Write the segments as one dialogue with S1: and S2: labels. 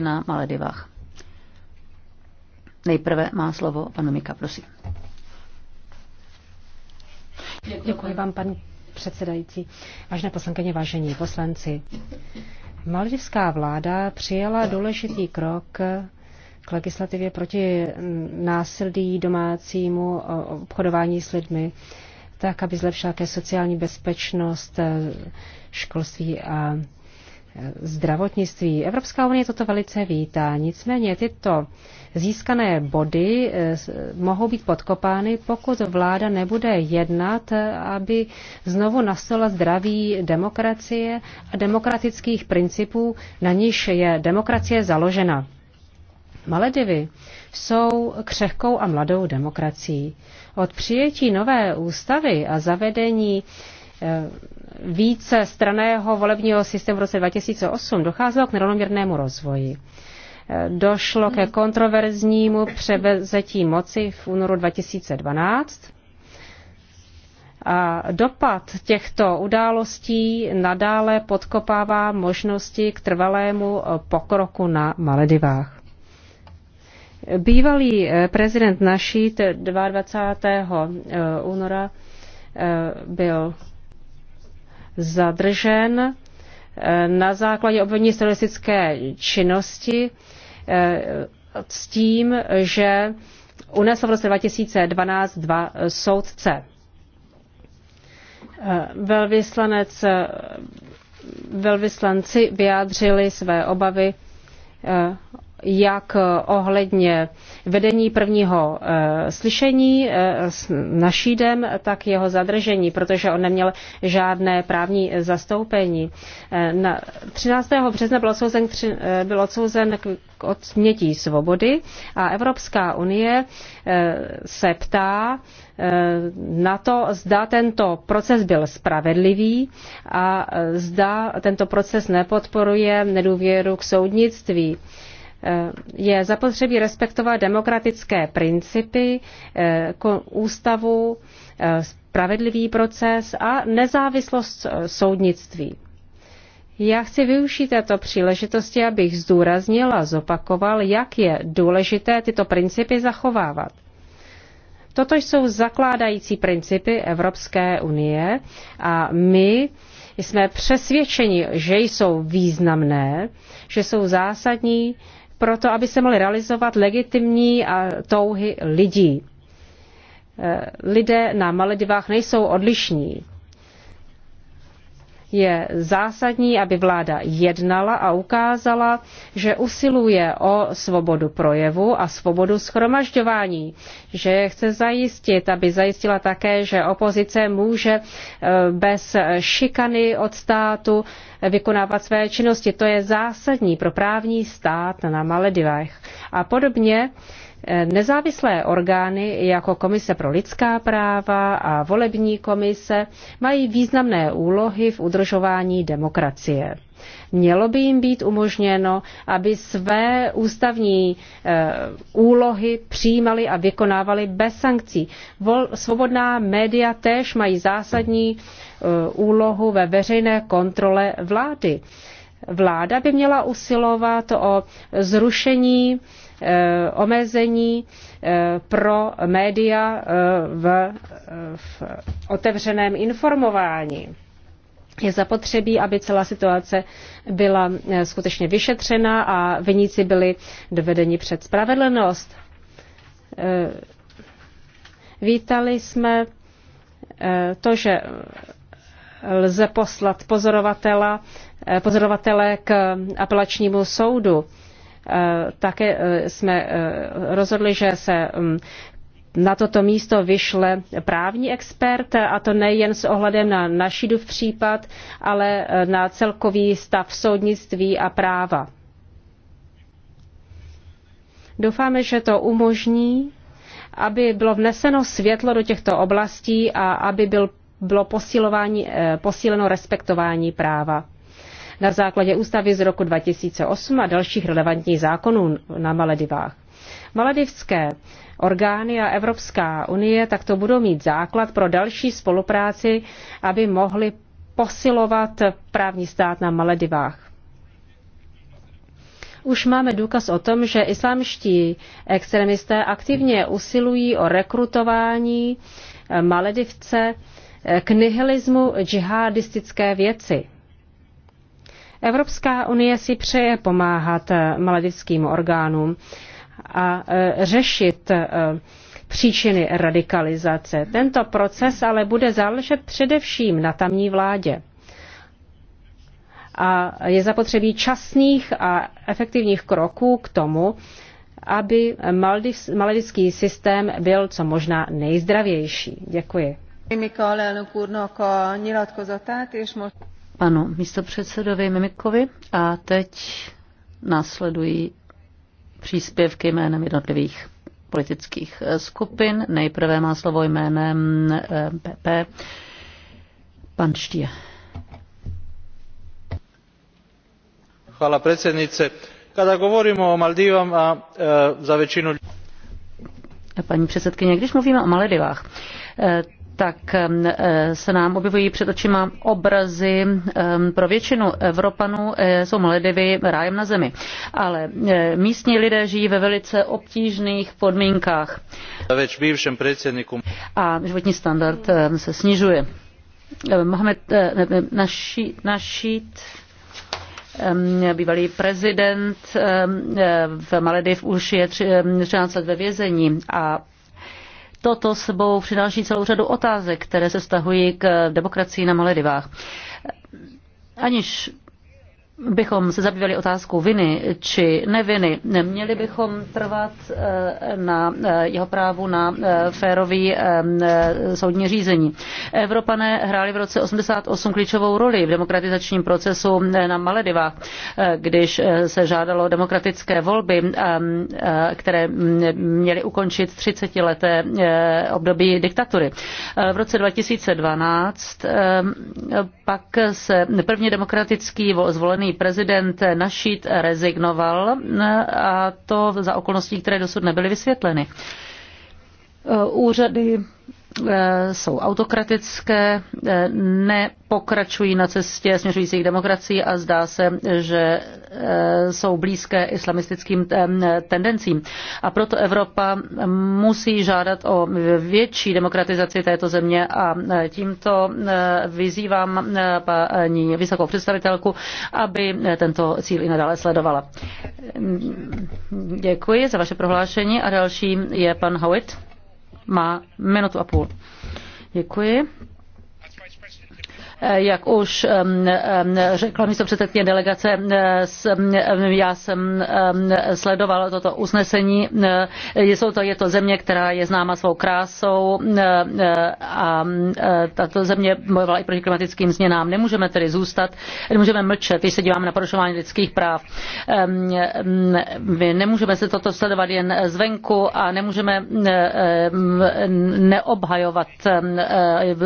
S1: na Maledivách. Nejprve má slovo pan Mika, prosím.
S2: Děkuji, vám, paní předsedající. Vážené poslankyně, vážení poslanci, Maldivská vláda přijala důležitý krok k legislativě proti násilí domácímu obchodování s lidmi, tak, aby zlepšila také sociální bezpečnost, školství a zdravotnictví. Evropská unie toto velice vítá, nicméně tyto získané body eh, mohou být podkopány, pokud vláda nebude jednat, aby znovu nastala zdraví demokracie a demokratických principů, na níž je demokracie založena. Maledivy jsou křehkou a mladou demokracií. Od přijetí nové ústavy a zavedení více straného volebního systému v roce 2008 docházelo k nerovnoměrnému rozvoji. Došlo ke kontroverznímu převezetí moci v únoru 2012 a dopad těchto událostí nadále podkopává možnosti k trvalému pokroku na Maledivách. Bývalý eh, prezident Našít 22. Eh, eh, února byl zadržen eh, na základě obvinění z teroristické činnosti eh, s tím, že unesl v roce 2012 dva soudce. Eh, velvyslanec, velvyslanci vyjádřili své obavy jak eh, ohledně vedení prvního eh, slyšení eh, s našídem, tak jeho zadržení, protože on neměl žádné právní zastoupení. Na 13. března byl odsouzen, byl odsouzen k odnětí svobody a Evropská unie se ptá na to, zda tento proces byl spravedlivý a zda tento proces nepodporuje nedůvěru k soudnictví je zapotřebí respektovat demokratické principy, eh, ústavu, eh, spravedlivý proces a nezávislost eh, soudnictví. Já chci využít této příležitosti, abych zdůraznil a zopakoval, jak je důležité tyto principy zachovávat. Toto jsou zakládající principy Evropské unie a my jsme přesvědčeni, že jsou významné, že jsou zásadní proto aby se mohly realizovat legitimní a touhy lidí. E, lidé na Maledivách nejsou odlišní. Je zásadní, aby vláda jednala a ukázala, že usiluje o svobodu projevu a svobodu schromažďování, že chce zajistit, aby zajistila také, že opozice může e, bez šikany od státu vykonávat své činnosti. To je zásadní pro právní stát na Maledivách. A podobně eh, Nezávislé orgány jako Komise pro lidská práva a volební komise mají významné úlohy v udržování demokracie. Mělo by jim být umožněno, aby své ústavní eh, úlohy přijímali a vykonávali bez sankcí. svobodná média též mají zásadní eh, úlohu ve veřejné kontrole vlády. Vláda by měla usilovat o zrušení eh, omezení pro média v, v otevřeném informování je zapotřebí, aby celá situace byla eh, skutečně vyšetřena a viníci byli dovedeni před spravedlnost. Eh, vítali jsme eh, to, že lze poslat pozorovatela, pozorovatele k apelačnímu soudu. Také jsme rozhodli, že se mm, na toto místo vyšle právní expert, a to nejen s ohledem na Našidův případ, ale eh, na celkový stav soudnictví a práva. Doufáme, že to umožní, aby bylo vneseno světlo do těchto oblastí a aby byl, bylo posilování, eh, posíleno respektování práva. Na základě ústavy z roku 2008 a dalších relevantních zákonů na Maledivách. Maledivské orgány a Evropská unie takto budou mít základ pro další spolupráci, aby mohli posilovat právní stát na Maledivách. Už máme důkaz o tom, že islámští extremisté aktivně usilují o rekrutování eh, Maledivce eh, k nihilismu džihadistické věci. Evropská unie si přeje pomáhat eh, maledivským orgánům a e, řešit e, příčiny radikalizace. Tento proces ale bude záležet především na tamní vládě. A je zapotřebí časných a efektivních kroků k tomu, aby maledický systém byl co možná nejzdravější. Děkuji.
S1: Panu místopředsedovi Mimikovi a teď následují příspěvky jménem jednotlivých politických eh, skupin. Nejprve má slovo jménem PP eh, pan Štěr.
S3: Hvala predsjednice. Kada govorimo o Maldivama, eh, za većinu...
S1: Paní předsedkyně, když mluvíme o Maledivách, tak e, se nám objevují před očima obrazy pro většinu Evropanů e, jsou Maledivy rájem na zemi. Ale e, místní lidé žijí ve velice obtížných podmínkách. A životní standard se snižuje. Mohamed Našít, Našít bývalý prezident v Malediv už je 13 let ve vězení a Toto sebou přináší celou řadu otázek, které se stahují k demokracii na Maledivách. Aniž bychom se zabývali otázkou viny či neviny, Neměli bychom trvat eh, na eh, jeho právu na eh, férový soudní řízení. Evropané hráli v roce 88 klíčovou roli v demokratizačním procesu na Maledivách, když se žádalo demokratické volby, které mm, měly ukončit 30-leté období diktatury. V roce 2012 pak se první demokratický zvolený zvolený prezident našit rezignoval eh, a to za okolností, které dosud nebyly vysvětleny. Eh, úřady Eh, jsou autokratické, eh, nepokračují na cestě směřující k demokracii a zdá se, že eh, jsou blízké islamistickým tendencím. A proto Evropa musí žádat o větší demokratizaci této země a tímto vyzývám paní vysokou představitelku, aby tento cíl i nadále sledovala. Děkuji za vaše prohlášení a další je pan Howitt má minutu a půl. Děkuji. Eh, jak už řekla místo předsedkyně delegace, eh, já jsem sledovala toto usnesení. Eh, jsou to, je to země, která je známa svou krásou a tato země bojovala i proti klimatickým změnám. Nemůžeme tedy zůstat, nemůžeme mlčet, když se díváme na porušování lidských práv. Nemůžeme se toto sledovat jen zvenku a nemůžeme neobhajovat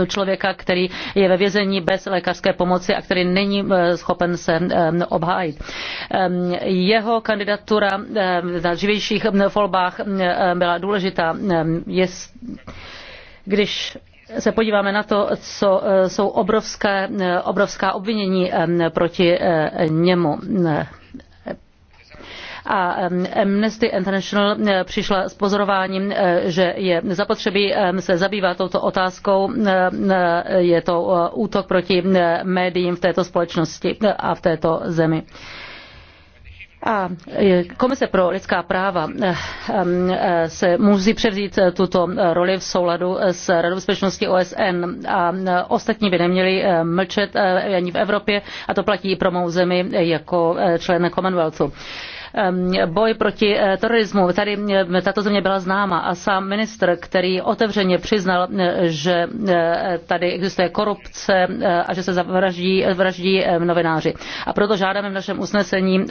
S1: člověka, který je ve vězení bez lékařské pomoci a který není eh, schopen se eh, obhájit. Ehm, jeho kandidatura eh, na živějších mm, volbách mm, byla důležitá. Ehm, když se podíváme na to, co jsou obrovské, obrovská obvinění ehm, proti němu a Amnesty International eh, přišla s pozorováním, eh, že je zapotřebí se zabývat touto otázkou. Eh, je to útok proti médiím v této společnosti a v této zemi. A Komise pro lidská práva se musí převzít tuto roli v souladu s Radou bezpečnosti OSN a ostatní by neměli mlčet ani v Evropě a to platí i pro mou zemi jako člen Commonwealthu boj proti eh, terorismu. Tady eh, tato země byla známa a sám ministr, který otevřeně přiznal, eh, že tady existuje korupce a že se zavraždí vraždí novináři. A proto žádáme v našem usnesení,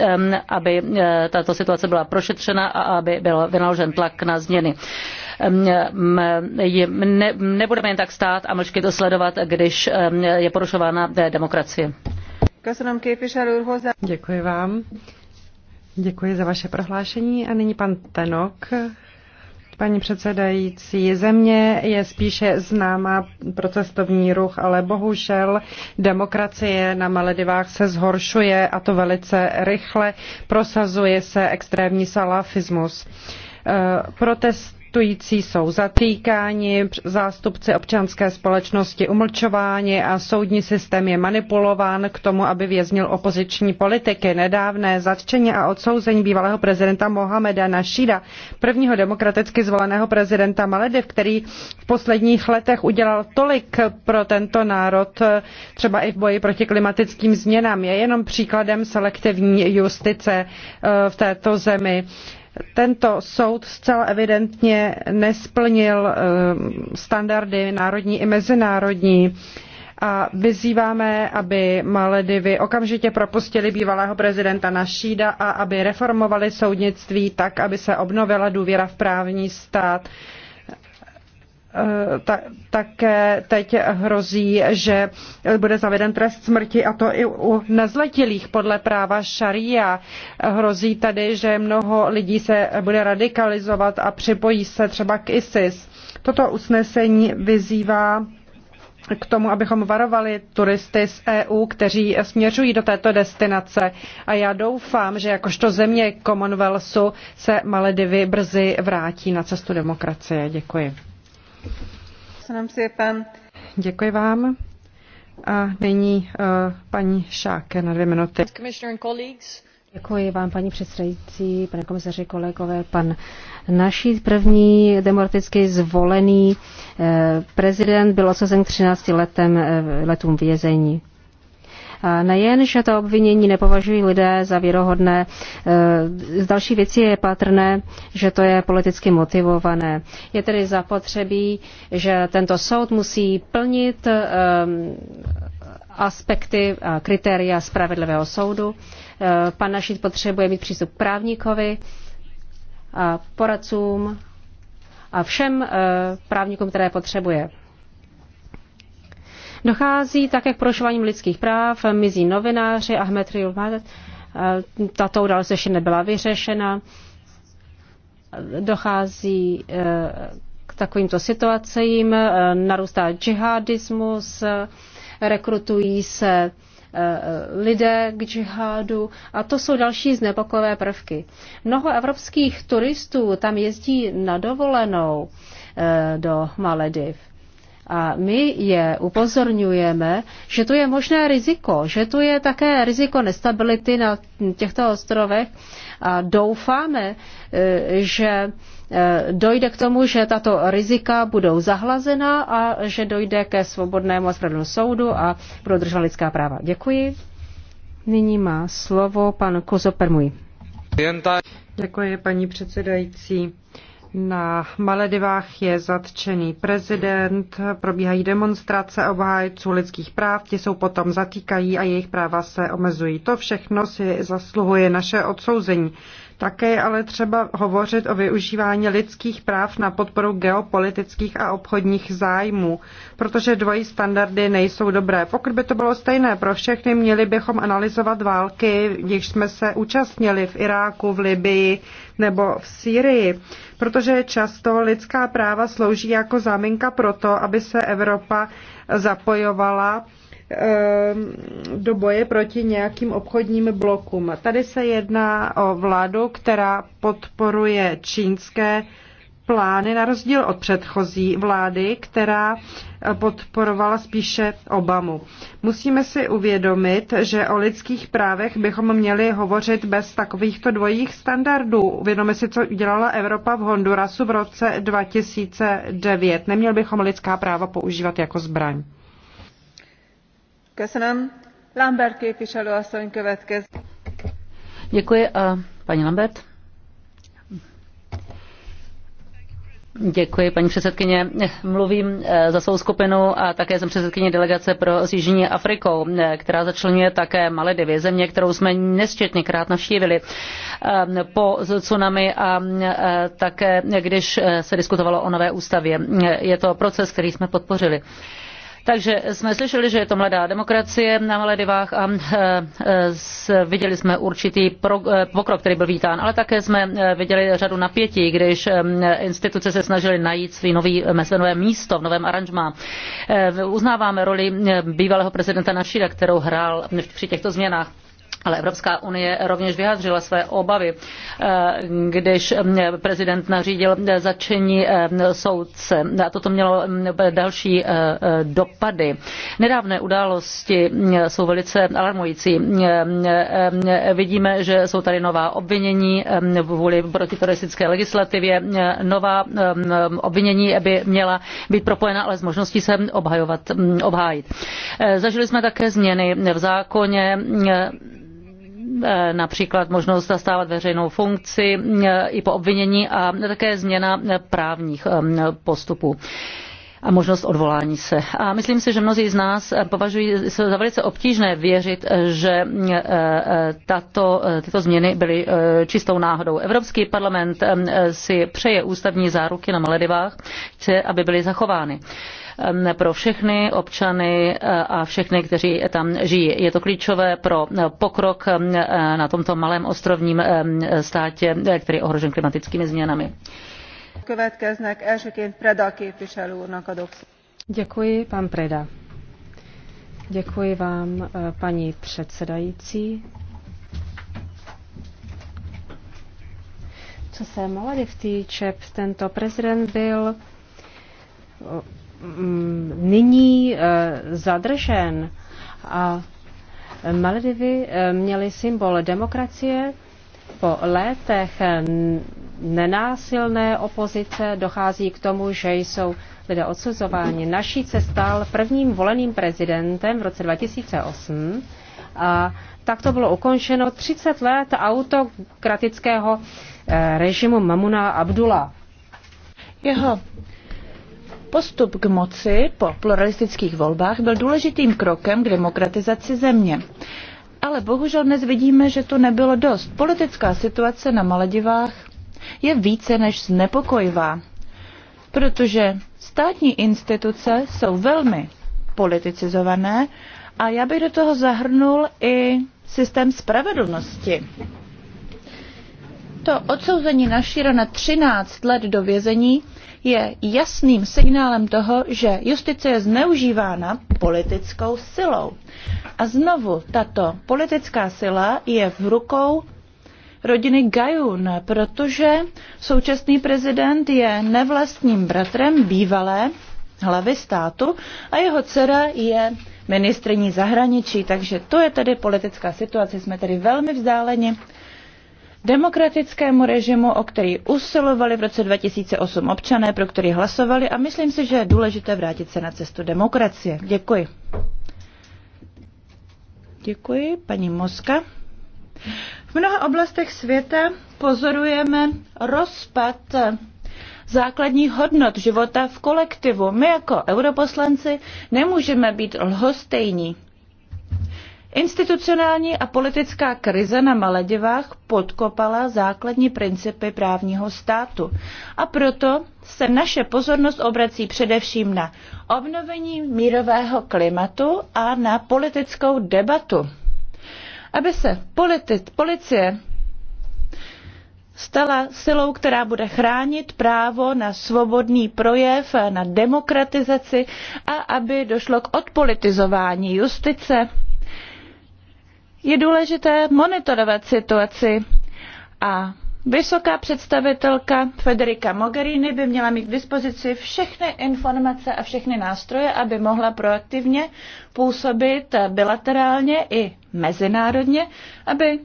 S1: aby tato situace byla prošetřena a aby byl vynaložen tlak na změny ne, nebudeme jen tak stát a mlčky to sledovat, když je porušována demokracie.
S4: Děkuji vám. Děkuji za vaše prohlášení a nyní pan Tenok. Paní předsedající, země je spíše známá pro cestovní ruch, ale bohužel demokracie na Maledivách se zhoršuje a to velice rychle. Prosazuje se extrémní salafismus. Eh, protest protestující jsou zatýkáni, zástupci občanské společnosti umlčováni a soudní systém je manipulován k tomu, aby věznil opoziční politiky. Nedávné zatčení a odsouzení bývalého prezidenta Mohameda Našída, prvního demokraticky zvoleného prezidenta Malediv, který v posledních letech udělal tolik pro tento národ, třeba i v boji proti klimatickým změnám, je jenom příkladem selektivní justice eh, v této zemi. Tento soud zcela evidentně nesplnil eh, standardy národní i mezinárodní a vyzýváme, aby Maledivy okamžitě propustili bývalého prezidenta Našída a aby reformovali soudnictví tak, aby se obnovila důvěra v právní stát. Eh, ta, také teď hrozí, že bude zaveden trest smrti a to i u nezletilých podle práva šaria. Hrozí tady, že mnoho lidí se bude radikalizovat a připojí se třeba k ISIS. Toto usnesení vyzývá k tomu, abychom varovali turisty z EU, kteří směřují do této destinace. A já doufám, že jakožto země Commonwealthu se Maledivy brzy vrátí na cestu demokracie. Děkuji. Děkuji vám. A nyní uh,
S2: paní Šáke na dvě minuty. Děkuji vám, paní předsedající, pane komisaři, kolegové, pan naší první demokraticky zvolený eh, prezident byl osazen k 13 letem, eh, letům vězení nejen, že to obvinění nepovažují lidé za věrohodné, e, z další věcí je patrné, že to je politicky motivované. Je tedy zapotřebí, že tento soud musí plnit e, aspekty a kritéria spravedlivého soudu. E, pan Našit potřebuje mít přístup k právníkovi, a poradcům a všem právníkům, které potřebuje. Dochází také k porušováním lidských práv, mizí novináři, Ahmed Riulmadet, eh, tato událost ještě nebyla vyřešena. Dochází eh, k takovýmto situacím, eh, narůstá džihadismus, rekrutují se lidé k džihádu a to jsou další znepokové prvky. Mnoho evropských turistů tam jezdí na dovolenou do Malediv. A my je upozorňujeme, že tu je možné riziko, že tu je také riziko nestability na těchto ostrovech a doufáme, e, že e, dojde k tomu, že tato rizika budou zahlazena a že dojde ke svobodnému a spravedlnému soudu a budou držovat lidská práva. Děkuji. Nyní má slovo pan Kozo Permuj.
S4: Děkuji, paní předsedající. Na Maledivách je zatčený prezident, probíhají demonstrace obhájců lidských práv, ti jsou potom zatýkají a jejich práva se omezují. To všechno si zasluhuje naše odsouzení. Také ale třeba hovořit o využívání lidských práv na podporu geopolitických a obchodních zájmů, protože dvojí standardy nejsou dobré. Pokud by to bylo stejné pro všechny, měli bychom analyzovat války, když jsme se účastnili v Iráku, v Libii nebo v Sýrii, protože často lidská práva slouží jako záminka pro to, aby se Evropa zapojovala Ehm, do boje proti nějakým obchodním blokům. Tady se jedná o vládu, která podporuje čínské plány na rozdíl od předchozí vlády, která podporovala spíše Obamu. Musíme si uvědomit, že o lidských právech bychom měli hovořit bez takovýchto dvojích standardů. Uvědomme si, co dělala Evropa v Hondurasu v roce 2009. Neměl bychom lidská práva používat jako zbraň.
S1: Děkuji paní Lambert. Děkuji, předsedkyně. Mluvím eh, za svou skupinu a také jsem předsedkyně delegace pro s Jižní Afrikou, eh, která začleňuje také Maledivy, země, kterou jsme nesčetněkrát navštívili ehm, po tsunami a eh, také, když se diskutovalo o nové ústavě. Je to proces, který jsme podpořili. Takže jsme slyšeli, že je to mladá demokracie na Maledivách a eh, viděli jsme určitý eh, pokrok, který byl vítán, ale také jsme eh, viděli řadu napětí, když instituce se snažily najít svý nový, své nové místo v novém aranžmá. Uznáváme roli bývalého prezidenta Našíra, kterou hrál při těchto změnách ale Evropská unie rovněž vyjádřila své obavy, eh, když mm, prezident nařídil eh, začení eh, soudce. A toto mělo mm, další dopady. Nedávné události mm, jsou velice alarmující. Vidíme, že jsou tady nová obvinění vůli protiteroristické legislativě. Nová obvinění by měla být propojena ale s možností se obhajovat, obhájit. Zažili jsme také změny v zákoně E, například možnost zastávat veřejnou funkci e, i po obvinění a také změna e, právních postupů a možnost odvolání se. A myslím si, že mnozí z nás považují za velice obtížné věřit, že tato, tyto změny byly čistou náhodou. Evropský parlament si přeje ústavní záruky na Maledivách, chce, aby byly zachovány pro všechny občany e, a všechny, kteří tam žijí. Je to klíčové pro e, pokrok e, na tomto malém ostrovním státě,
S2: který je ohrožen klimatickými změnami. Děkuji, pan Preda. Děkuji vám, paní předsedající. Co se Malediv týče, tento prezident byl Mm, nyní eh, zadržen. A Maledivy eh, měly symbol demokracie, po létech eh, nenásilné opozice dochází k tomu, že jsou lidé odsuzováni. Naší se stal prvním voleným prezidentem v roce 2008 a tak to bylo ukončeno 30 let autokratického režimu Mamuna Abdullah. Jeho
S5: Postup k moci po pluralistických volbách byl důležitým krokem k demokratizaci země. Ale bohužel dnes vidíme, že to nebylo dost. Politická situace na Maledivách je více než znepokojivá, protože státní instituce jsou velmi politicizované a já bych do toho zahrnul i systém spravedlnosti. To odsouzení na Širona 13 let do vězení je jasným signálem toho, že justice je zneužívána politickou silou. A znovu tato politická sila je v rukou rodiny Gajun, protože současný prezident je nevlastním bratrem bývalé hlavy státu a jeho dcera je ministrní zahraničí. Takže to je tedy politická situace. Jsme tedy velmi vzdáleni demokratickému režimu, o který usilovali v roce 2008 občané, pro který hlasovali a myslím si, že je důležité vrátit se na cestu demokracie. Děkuji. Děkuji, paní Moska. V mnoha oblastech světa pozorujeme rozpad základních hodnot života v kolektivu. My jako europoslanci nemůžeme být lhostejní. Institucionální a politická krize na Maledivách podkopala základní principy právního státu a proto se naše pozornost obrací především na obnovení mírového klimatu a na politickou debatu. Aby se politi- policie stala silou, která bude chránit právo na svobodný projev, na demokratizaci a aby došlo k odpolitizování justice je důležité monitorovat situaci a vysoká představitelka Federica Mogherini by měla mít k dispozici všechny informace a všechny nástroje, aby mohla proaktivně působit bilaterálně i mezinárodně, aby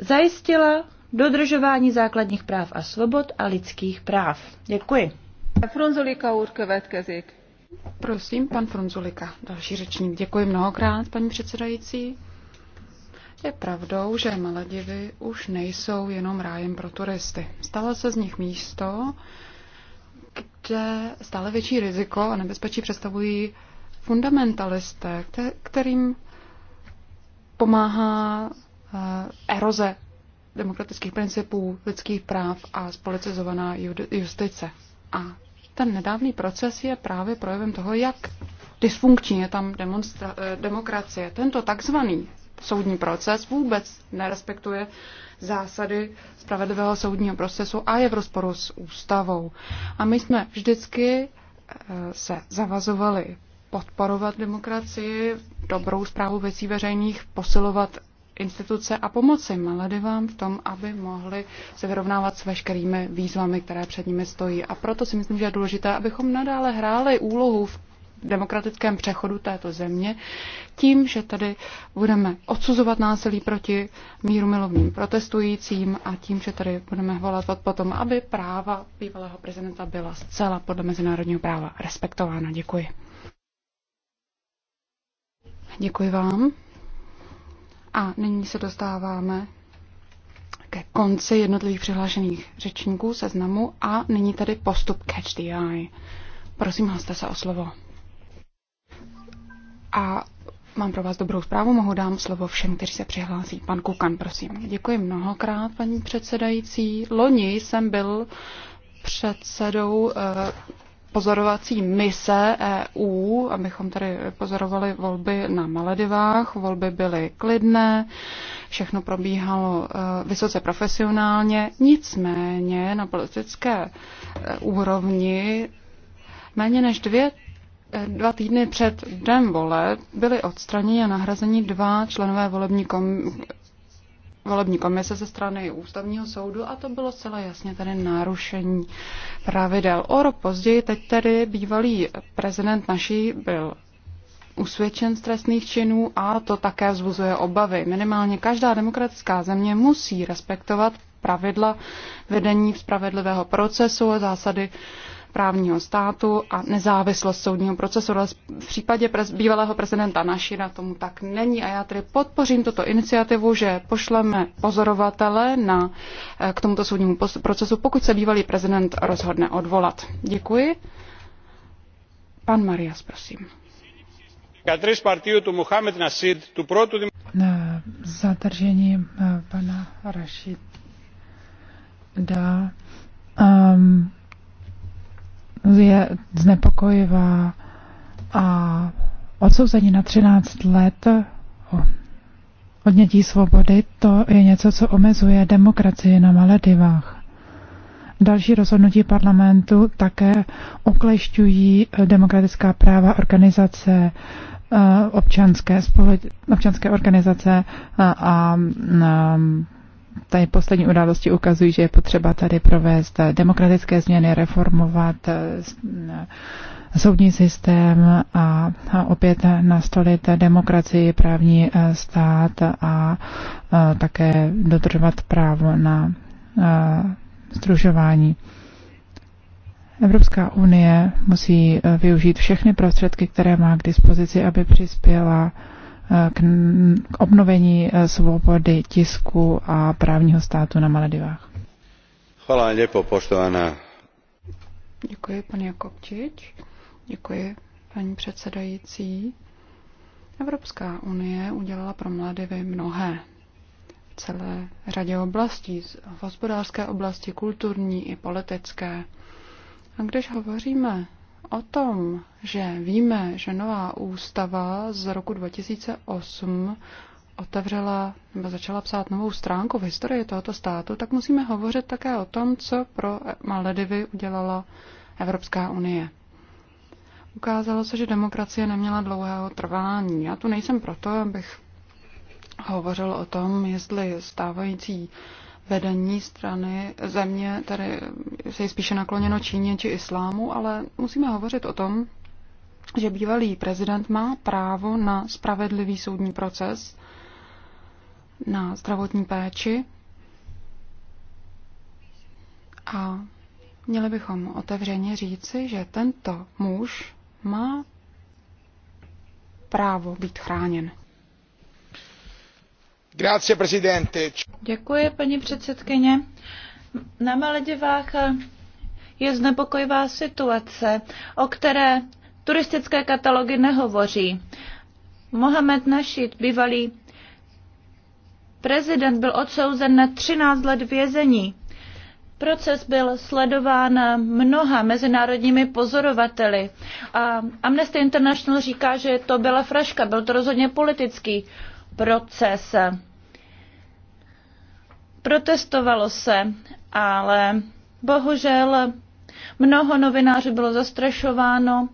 S5: zajistila dodržování základních
S6: práv a svobod a lidských práv. Děkuji.
S7: Frunzulika
S6: Prosím, pan Frunzulika, další řečník. Děkuji mnohokrát, paní předsedající. Je pravdou, že Maledivy už nejsou jenom rájem pro turisty. Stalo se z nich místo, kde stále větší riziko a nebezpečí představují fundamentalisté, kterým pomáhá eh, eroze demokratických principů, lidských práv a spolicizovaná justice. A ten nedávný proces je právě projevem toho, jak dysfunkční je tam eh, demokracie. Tento takzvaný soudní proces vůbec nerespektuje zásady spravedlivého soudního procesu a je v rozporu s ústavou. A my jsme vždycky eh, se zavazovali podporovat demokracii, dobrou zprávu věcí veřejných, posilovat instituce a pomoci Maledivám v tom, aby mohli se vyrovnávat s veškerými výzvami, které před nimi stojí. A proto si myslím, že je důležité, abychom nadále hráli úlohu v demokratickém přechodu této země, tím, že tady budeme odsuzovat násilí proti míru milovným protestujícím a tím, že tady budeme volat potom, aby práva bývalého prezidenta byla zcela podle mezinárodního práva respektována. Děkuji. Děkuji vám. A nyní se dostáváme ke konci jednotlivých přihlášených řečníků seznamu a nyní tady postup Catch the Eye. Prosím, hlaste se o slovo. A mám pro vás dobrou zprávu, mohu dám slovo všem, kteří se přihlásí. Pan Kukan, prosím. Děkuji mnohokrát, paní předsedající. Loni jsem byl předsedou eh, pozorovací mise EU, abychom tady pozorovali volby na Maledivách. Volby byly klidné, všechno probíhalo eh, vysoce profesionálně, nicméně na politické eh, úrovni méně než dvě dva týdny před dnem voleb byly odstraněni a nahrazeni dva členové volební, kom, volební komise ze strany ústavního soudu a to bylo celé jasně tady narušení pravidel. O rok později teď tedy bývalý prezident naší byl usvědčen z trestných činů a to také vzbuzuje obavy. Minimálně každá demokratická země musí respektovat pravidla vedení spravedlivého procesu a zásady právního státu a nezávislost soudního procesu. Ale v případě prez, bývalého prezidenta Našina tomu tak není a já tedy podpořím tuto iniciativu, že pošleme pozorovatele na, eh, k tomuto soudnímu procesu, pokud se bývalý prezident rozhodne odvolat. Děkuji.
S8: Pan Marias, prosím. Na zatržení eh, pana Rašida um, je znepokojivá a odsouzení na 13 let odnětí svobody, to je něco, co omezuje demokracii na Maledivách. Další rozhodnutí parlamentu také oklešťují demokratická práva organizace eh, občanské, spole, občanské organizace eh, a, a, mm, a tady poslední události ukazují, že je potřeba tady provést demokratické změny, reformovat eh, eh, soudní systém a opět nastolit demokracii, právní eh, stát a také dodržovat právo na združování. Evropská unie musí využít všechny prostředky, které má k dispozici, aby přispěla k obnovení eh, svobody tisku a právního státu na Maledivách.
S3: Hvala vám lepo, poštovaná.
S6: Děkuji, pan Jakobčič. Děkuji, paní předsedající. Evropská unie udělala pro Maledivy mnohé v celé řadě oblastí, v hospodářské oblasti, kulturní i politické. A když hovoříme o tom, že víme, že nová ústava z roku 2008 otevřela nebo začala psát novou stránku v historii tohoto státu, tak musíme hovořit také o tom, co pro Maledivy udělala Evropská unie. Ukázalo se, že demokracie neměla dlouhého trvání. Já tu nejsem proto, abych hovořil o tom, jestli stávající vedení strany země, tady se je spíše nakloněno Číně či islámu, ale musíme hovořit o tom, že bývalý prezident má právo na spravedlivý soudní proces, na zdravotní péči a měli bychom otevřeně říci, že tento muž má právo být chráněn. Děkuji, paní předsedkyně.
S5: Na Maledivách je znepokojivá situace, o které turistické katalogy nehovoří. Mohamed Nasheed bývalý prezident, byl odsouzen na 13 let vězení. Proces byl sledován mnoha mezinárodními pozorovateli a Amnesty International říká, že to byla fraška, byl to rozhodně politický proces protestovalo se, ale bohužel mnoho novinářů bylo zastrašováno,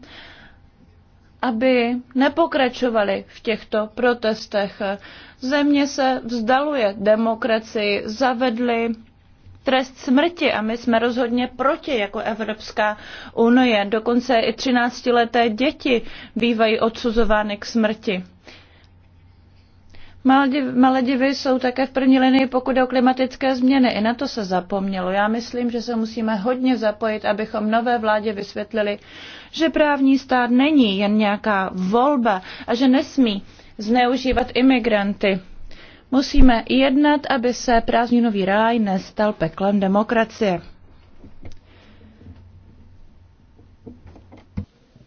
S5: aby nepokračovali v těchto protestech. Země se vzdaluje demokracii, zavedli trest smrti a my jsme rozhodně proti jako Evropská unie. Dokonce i 13-leté děti bývají odsuzovány k smrti. Maledivy jsou také v první linii, pokud o klimatické změny. I na to se zapomnělo. Já myslím, že se musíme hodně zapojit, abychom nové vládě vysvětlili, že právní stát není jen nějaká volba a že nesmí zneužívat imigranty. Musíme jednat, aby se prázdninový ráj nestal peklem demokracie.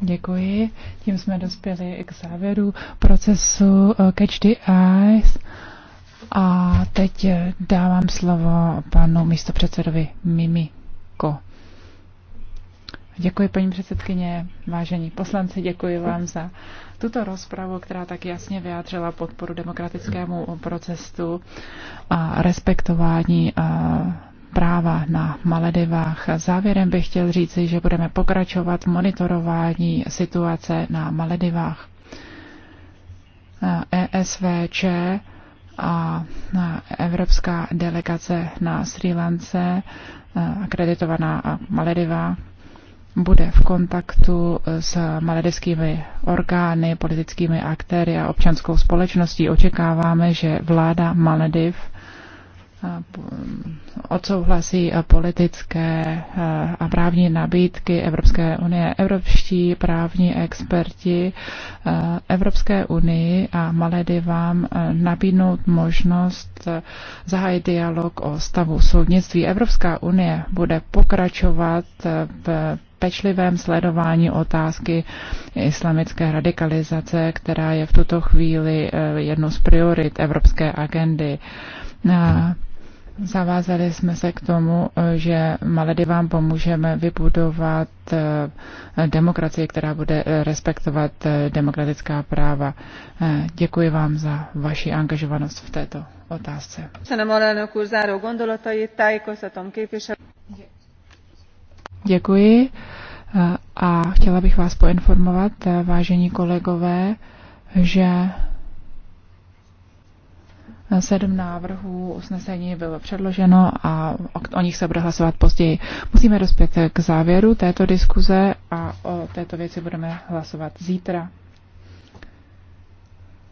S8: Děkuji. Tím jsme dospěli k závěru procesu eh, Catch the Eyes. A teď eh, dávám slovo panu místopředsedovi Mimiko. Děkuji, paní předsedkyně, vážení poslanci, děkuji vám za tuto rozpravu, která tak jasně vyjádřila podporu demokratickému procesu a respektování a eh, práva na Maledivách. Závěrem bych chtěl říci, že budeme pokračovat v monitorování situace na Maledivách. ESVČ a evropská delegace na Sri Lance, akreditovaná Malediva, bude v kontaktu s maledivskými orgány, politickými aktéry a občanskou společností. Očekáváme, že vláda Malediv odsouhlasí politické eh, a právní nabídky Evropské unie, evropští právní experti eh, Evropské unii a vám eh, nabídnout možnost zahájit dialog o stavu soudnictví. Evropská unie bude pokračovat v pečlivém sledování otázky islamické radikalizace, která je v tuto chvíli jednou z priorit evropské agendy. Zavázali jsme se k tomu, eh, že vám pomůžeme vybudovat eh, demokracii, která bude eh, respektovat demokratická práva. Děkuji vám za vaši angažovanost v této otázce. Děkuji a chtěla bych vás poinformovat, vážení kolegové, že Sedm návrhů usnesení bylo předloženo a o nich se bude hlasovat později. Musíme dospět k závěru této diskuze a o této věci budeme hlasovat zítra.